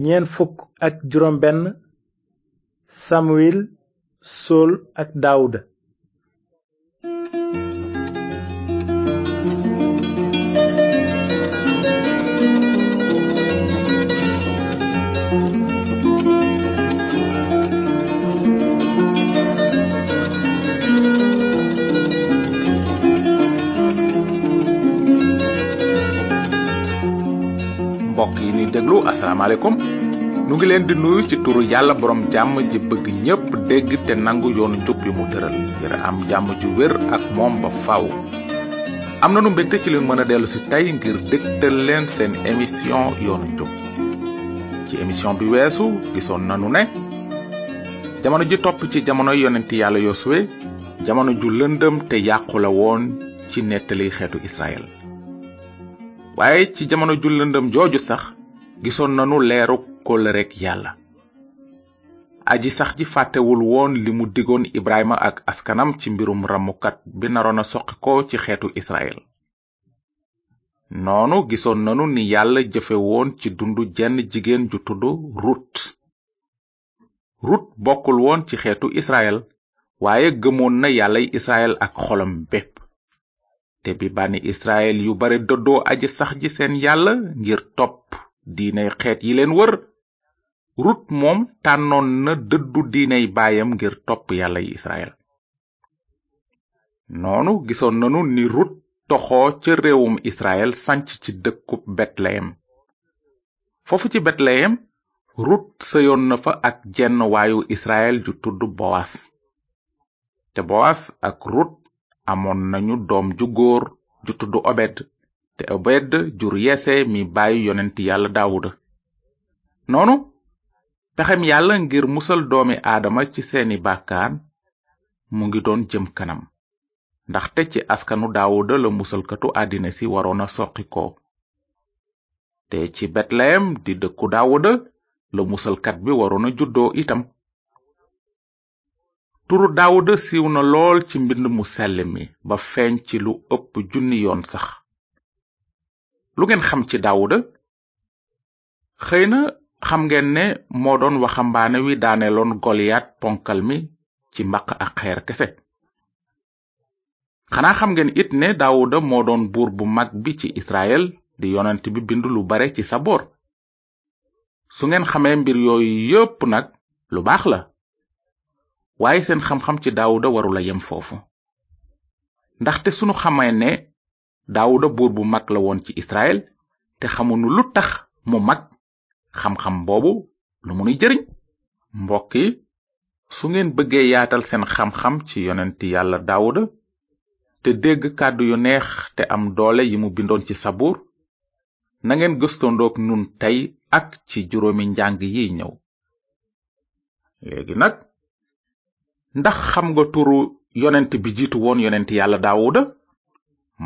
ñeent fukk ak juróom benn Samuwil Sool ak dawda déglu asalaamaaleykum nu ngi leen di nuyu ci turu yàlla boroom jàmm ji bëgg ñépp dégg te nangu yoonu njub yu mu tëral ngir am jàmm ju wér ak moom ba faw am nanu mbégte ci leen mën a dellu si tey ngir dégtal leen seen émission yoonu njub ci émission bi weesu gisoon nanu ne jamono ji topp ci jamono yonenti yàlla yosuwe jamono ju lëndëm te yàqu woon ci nettali xeetu Israël waaye ci jamono ju lëndëm jooju sax gisoon nanu leeru kóllërek yàlla aji sax ji fàttewul woon li mu digoon ibrahima ak askanam ci mbirum ramukat bi naroona a ci xeetu israel noonu gisoon nanu ni yàlla jëfe woon ci dundu jenn jigéen ju tudd rut rut bokkul woon ci xeetu israel waaye gëmoon na yàllay israel ak xolam bépp te bi bànni israel yu bare dëddoo aji sax ji seen yàlla ngir topp diinay xeet yi leen wër rut moom tànnoon na dëddu diinay baayam ngir topp yàlla yi israel noonu gisoon nanu ni rut toxoo ca réewum israel sanc ci dëkku betlehem foofu ci betlehem rut sëyoon na fa ak jenn waayu israel ju tudd boas te boas ak rut amoon nañu doom ju góor ju tudd obed te obed jur yese mi bàyyi yonent yàlla daawuda noonu pexem yàlla ngir musal doomi aadama ci seeni bàkkaan mu ngi doon jëm kanam ndaxte ci askanu daawuda la musalkatu àddina si waroon a soqi te ci betleyem di dëkku daawuda la musalkat bi waroon a juddoo itam turu daawuda siiw na lool ci mbind mu sell mi ba feeñ ci lu ëpp junni yoon sax lu ngeen xam ci daawuda xëy na xam ngeen ne moo doon waxambaane wi daaneloon goliyaat ponkal mi ci mbaq ak xeer kese xanaa xam ngeen it ne daawuda moo doon buur bu mag bi ci israel di yonent bi bind lu bare ci saboor su ngeen xamee mbir yooyu yépp nag lu baax la waaye seen xam-xam ci daawuda warula yem foofu ndaxte sunu xamee ne daawuda buur bu mag la woon ci israel te xamunu lu tax mu mag xam-xam boobu lu munuy jëriñ mbokk yi su ngeen bëggee yaatal seen xam-xam ci yonenti yàlla daawuda te dégg kàddu yu neex te am doole yi mu bindoon ci sabuur nangeen gëstondoog nun tey ak ci juróomi njàng yi ñëw léegi nag ndax xam nga turu yonent bi jiitu woon yonent yàlla daawuda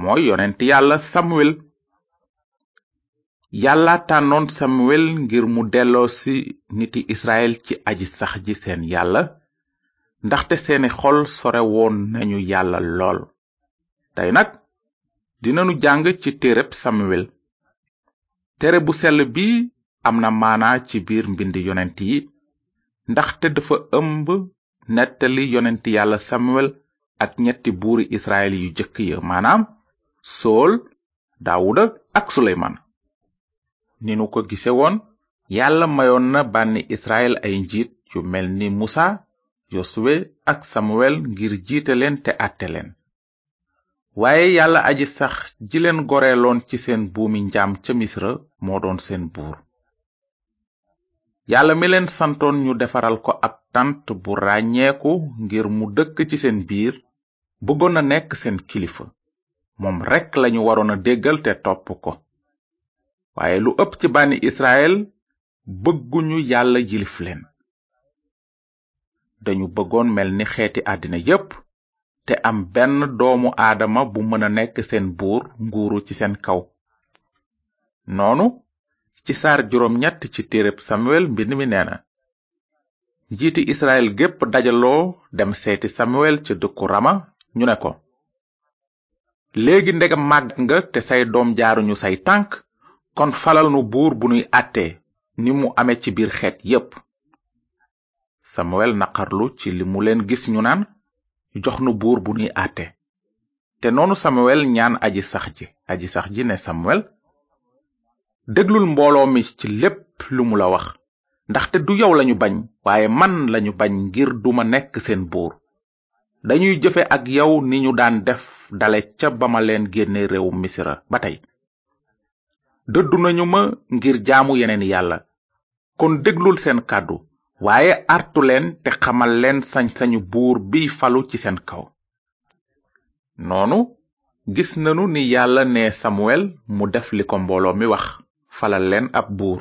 mooy yonent yàlla samuel yàlla tànnoon samuel ngir mu delloo si niti israel ci aji sax ji seen yàlla ndaxte seeni xol sore woon nañu yàlla lool tey nag dinanu jàng ci téereb samuel téere bu sell bi am na maanaa ci biir mbind yonent yi ndaxte dafa ëmb nettali yonent yàlla samuel ak ñetti buur israel yu jëkk ya maanaam sool daawuda ak suleymaan ni nu ko gisewoon yàlla mayoon na bànni israel ay njiit yu melni ni musa yosuwe ak samuel ngir jiite leen te àtte leen waaye yàlla aji sax ji leen goreeloon ci seen buumi njaam ca misra moo doon seen buur yàlla mi leen santoon ñu defaral ko ak tànt bu ràññeeku ngir mu dëkk ci seen biir bëggoon na nekk seen kilifa moom rekk lañu waroon a déggal te topp ko waaye lu ëpp ci bànni israel bëgguñu yàlla yilif leen dañu bëggoon mel ni xeeti àddina yépp te am benn doomu aadama bu mën a nekk seen buur nguuru ci seen kaw noonu ci saar juróom ñett ci téereb samuel mbind mi nee njiiti israel gépp dajaloo dem seeti samuel ca dëkku rama ñu ne ko léegi ndegam màggat nga te say doom jaaruñu say tànk kon falal nu buur bu nuy àtte ni mu amee ci biir xeet yépp samuel naqarlu ci li mu leen gis ñu naan jox nu buur bu nuy àtte te noonu samuel ñaan aji sax ji aji sax ji ne samuel déglul mbooloo mi ci lépp lu mu la wax ndaxte du yow lañu bañ waaye man lañu bañ ngir duma nekk seen buur dañuy jëfe ak yow ni ñu daan def dale ca ba ma leen génne réew misira ba tey dëddu nañu ma ngir jaamu yeneen yàlla kon déglul seen kàddu waaye artu leen te xamal leen sañ-sañu buur bi falu ci seen kaw noonu gis nanu ni yàlla ne samuwel mu def li ko mbooloo mi wax falal leen ab buur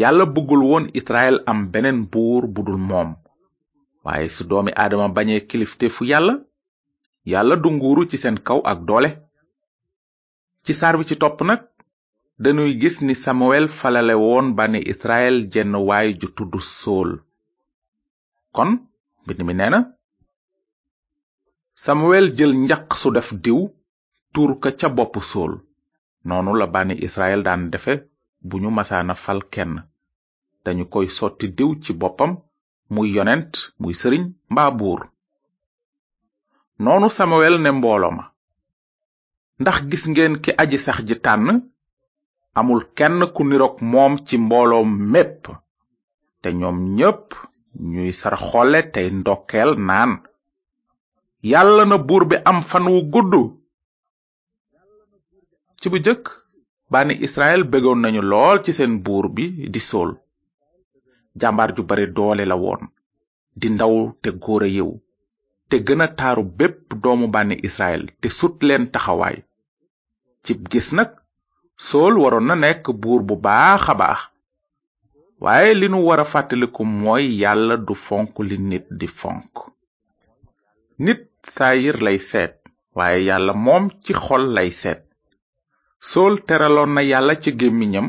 yàlla bëggul woon israel am beneen buur budul moom waaye su doomi aadama bañee fu yàlla yàlla du nguuru ci seen kaw ak doole ci saar bi ci topp nag dañuy gis ni samuel falale woon bani israel jenn waay ju tudd sool kon mbind mi nee na samuel jël njaq su def diw tuur ka ca bopp sool noonu la bani israel daan defe bu ñu masaana fal kenn dañu koy sotti diw ci boppam muy yonent muy sëriñ mba buur noonu samuel ne mbooloo ma ndax gis ngeen ki aji sax ji tànn amul kenn ku nirook moom ci mbooloom mépp te ñoom ñépp ñuy sarxole tey ndokkeel naan yàlla na buur bi am fan gudd ci bu jëkk bànni israel bégoon nañu lool ci seen buur bi di sol jàmbaar ju bari doole la woon di ndaw te góor a yew te gëna taaru bépp doomu bànni israel te sut leen taxawaay cib gis nag sool waroon na nekk buur bu baax a baax waaye li nu war a fàttaliku mooy yàlla du fonk li nit di fonk nit saayir lay seet waaye yàlla moom ci xol lay seet sool teraloon na yàlla ci gémmiñam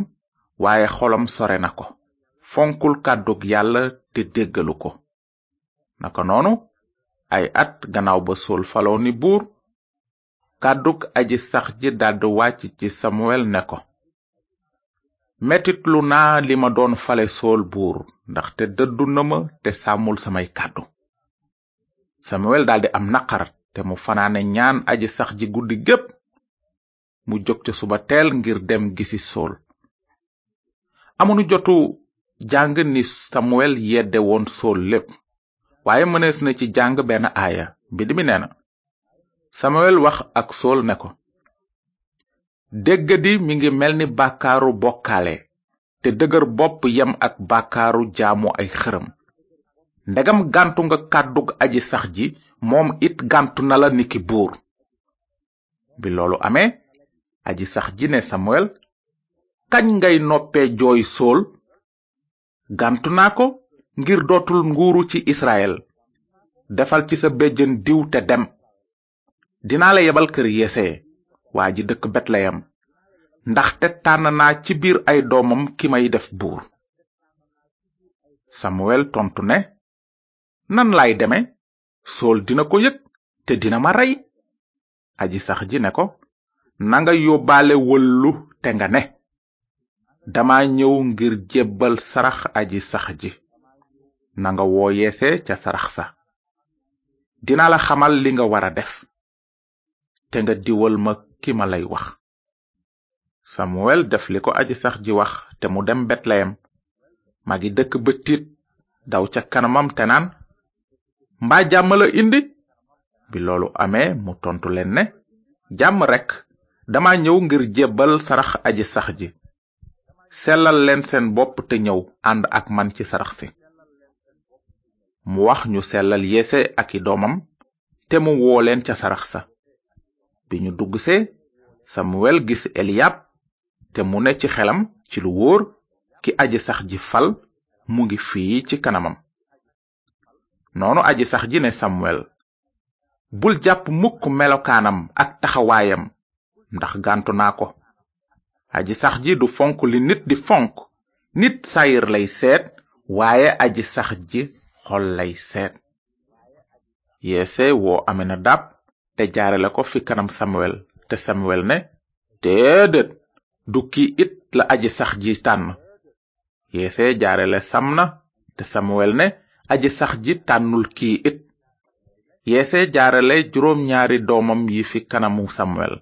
waaye xolam sore na ko fonkul kàddug yàlla te déggalu ko naka noonu ay at gannaaw ba sol faloo ni buur kàddug aji sax ji daldi wàcc ci samuel ne ko metit na naa li ma doon fale sool buur ndaxte dëddu na ma te sàmmul samay kàddu samuel daldi am naqar te mu fanaane ñaan aji sax ji guddi gépp mu jog ca suba teel ngir dem gisi sool amunu jotu jàng ni samuel yedde woon sool lépp waaye mënees na ci jàng benn aaya mbind mi nee na samuel wax ak sool ne ko déggadi mi ngi mel ni bàkkaaru bokkaale te dëgër bopp yam ak bàkkaaru jaamu ay xërëm ndegam gàntu nga kàddug aji sax ji moom it gàntu na la niki buur bi loolu amee aji sax ji ne samuel kañ ngay noppee jooy sool gàntu naa ko ngir dootul nguuru ci israel defal ci sa béjjën diw te dem dinaa la yebal kër yese waa ji dëkk betleyem ndaxte tànn naa ci biir ay doomam ki may def buur samuel tontu ne nan laay deme sool dina ko yëg te dina ma rey aji sax ji ne ko nanga yóbbaale wëllu te nga ne dama ñëw ngir jébbal sarax aji sax ji nanga woo yeese ca sarax sa dina la xamal li nga wara def te nga diwal ma ki ma lay wax samuel def li ko aji sax ji wax te mu dem betleyem magi dëkk bëtit daw ca kanamam te naan mbaa jàmm la indi bi loolu amee mu tontu leen ne jàmm rekk dama ñëw ngir jébbal sarax aji sax ji sellal leen seen bopp te ñëw ànd ak man ci sarax si mu wax ñu sellal yeese aki doomam te mu woo leen ca sarax sa bi ñu duggsee samuel gis eliyab te mu ne ci xelam ci lu wóor ki aji sax ji fal mu ngi fii ci kanamam noonu aji sax ji ne samuel bul jàpp mukk melokaanam ak taxawaayam ndax gàntu naa ko aji sax ji du fonk li nit di fonk nit sayir lay seet waaye aji sax ji xol lay seet yeese woo amina dab te jaare la ko fi kanam samuel te samuel ne déedéet du kii it la aji sax ji tànn yeese jaare la samna te samuel ne aji sax ji tànnul kii it yeese jaare la juróom ñaari doomam yi fi kanamu samuel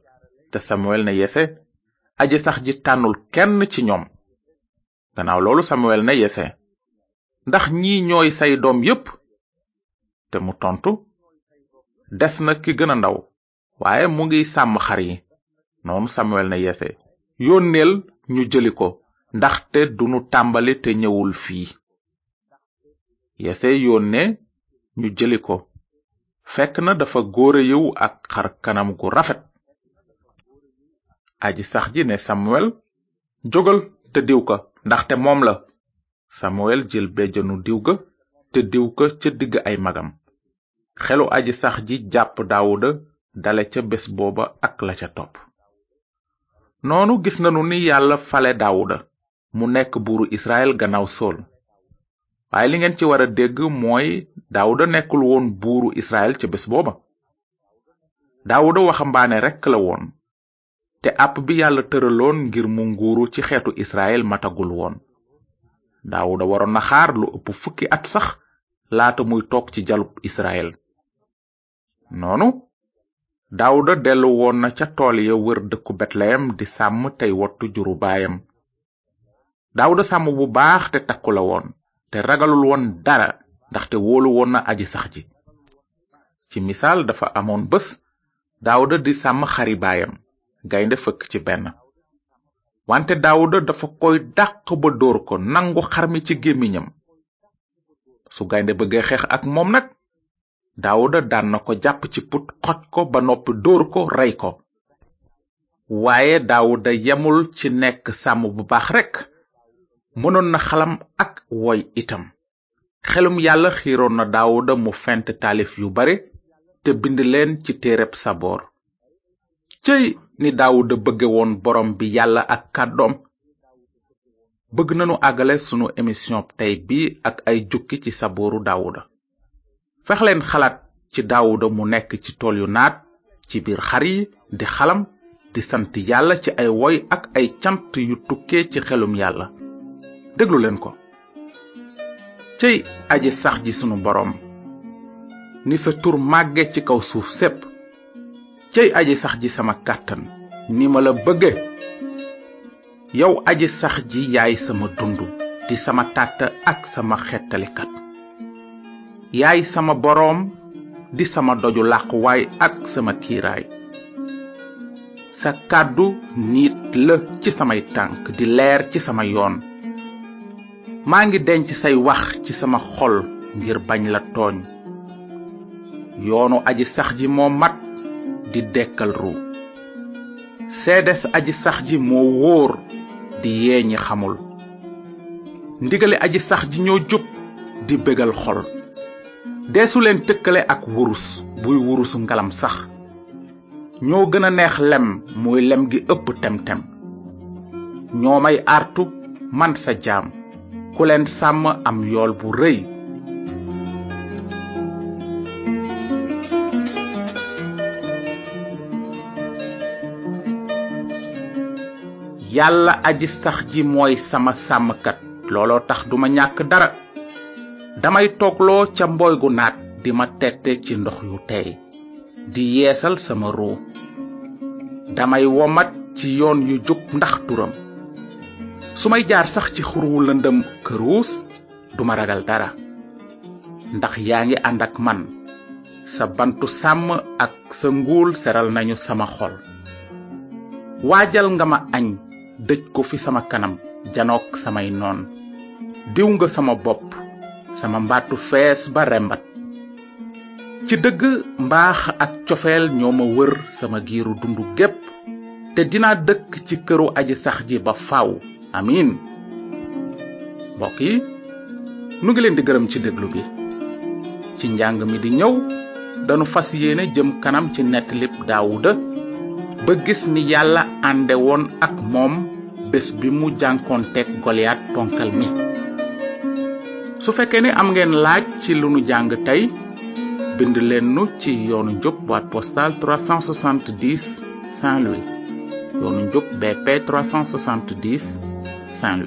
te samuel ne yeese aji sax ji tànnul kenn ci ñoom gannaaw loolu samuel ne yese ndax ñi ñooy say doom yépp te mu tontu des na ki gën a ndaw waaye mu ngi sàmm xar yi noonu samuel ne yese yónneel ñu jëli ko ndaxte dunu tàmbali te ñëwul fii yese yónne ñu jëli ko fekk na dafa góor a yiw ak xar kanam gu rafet aji sax ji ne samuel jógal te diw ko ndaxte moom la samuwel jël bejjanu diw ga te diw ko ca digg ay magam xelu aji sax ji jàpp daawuda dale ca bés booba ak la ca topp noonu gis nanu ni yàlla fale daawuda mu nekk buuru israel gannaaw sol waaye li ngeen ci war a dégg mooy daawuda nekkul woon buuru israel ca bés booba daawuda waxambaane rekk la woon te àpp bi yàlla tëraloon ngir mu nguuru ci xeetu israel matagul woon daawuda waroon na xaar lu ëpp fukki at sax laata muy toog ci jalub israel noonu daawuda dellu woon na ca tool ya wër dëkku betleyem di sàmm tey wottu juru baayam daawuda sàmm bu baax te takku la woon te ragalul woon dara ndaxte wóolu woon na aji sax ji ci misaal dafa amoon bés daawuda di sàmm xari gaynde fëkk ci benn wante daawuda dafa koy dàq ba dóor ko nangu xar mi ci gémmiñam su gaynde bëggee xeex ak moom nag daawuda daan na ko jàpp ci put xoj ko ba noppi dóor ko rey ko waaye daawuda yemul ci nekk sàmm bu baax rekk mënoon na xalam ak woy itam xelum yàlla xiiroon na daawuda mu fent taalif yu bare te bind leen ci téereb saboor cëy ni daawuda bëgge woon borom bi yàlla ak kàddoom bëgg nanu àggale sunu émission tey bi ak ay jukki ci sabooru daawuda fex leen xalaat ci daawuda mu nekk ci tool yu naat ci biir xar yi di xalam di sant yàlla ci ay woy ak ay cant yu tukkee ci xelum yàlla déglu leen ko cëy aji sax ji sunu boroom ni sa tur màgge ci kaw suuf sépp cey aji sax ji sama kàttan ni ma la bëgge yow aji sax ji yaay sama dund di sama tàtt ak sama xettalikat yaay sama boroom di sama doju làquwaay ak sama kiiraay sa kàddu niit la ci samay tànk di leer ci sama yoon maa ngi denc say wax ci sama xol ngir bañ la tooñ yoonu aji sax ji moo mat di dekkal ruu seedes aji sax ji moo wóor di yeeñi xamul ndigale aji sax ji ñoo jub di bégal xol deesu tëkkale ak wurus buy wurusu ngalam sax ñoo gën a neex lem muy lem gi ëpp tem-tem ñoo may artu man sa jaam ku leen sàmm am yool bu rëy yàlla aji sax ji mooy sama sàmmkat looloo tax duma ñàkk dara damay toogloo ca mbooy gu naat di ma tette ci ndox yu tey di yeesal sama ruu damay womat ci yoon yu jub ndax turam su may jaar sax ci xurwu lëndëm këruus duma ragal dara ndax yaa ngi ànd ak man sa bantu sàmm ak sa nguul seral nañu sama xol waajal nga ma añ dëj ko fi sama kanam janook samay noon diw nga sama bopp sama mbaatu fees ba rembat ci dëgg mbaax ak cofeel ñoo ma wër sama giiru dundu gépp te dinaa dëkk ci këru aji sax ji ba faw amiin mbokk yi nu ngi leen di gërëm ci déglu bi ci njàng mi di ñëw danu fas yéene jëm kanam ci nettalib daawuda ba gis ni yàlla ànde woon ak moom bés bi mu jànkoon jànkoonteeg Goliat ponkal mi su fekkee ni am ngeen laaj ci lu nu jàng tey bind leen ci yoonu njub boîte postale 370 Saint-Louis yoonu njub BP 370 saint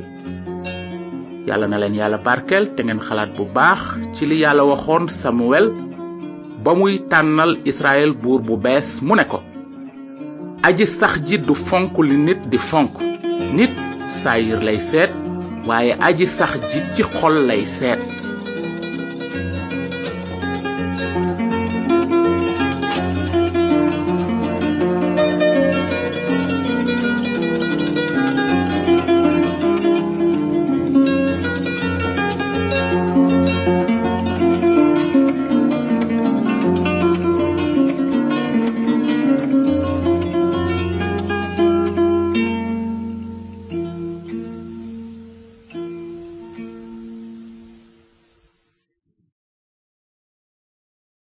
yàlla na leen yàlla barkeel te ngeen xalaat bu baax ci li yàlla waxoon Samuel ba muy tànnal Israël buur bu bees mu ne ko aji sax ji du fonk li nit di fonk nit saayir lay seet waaye aji sax ji ci xol lay seet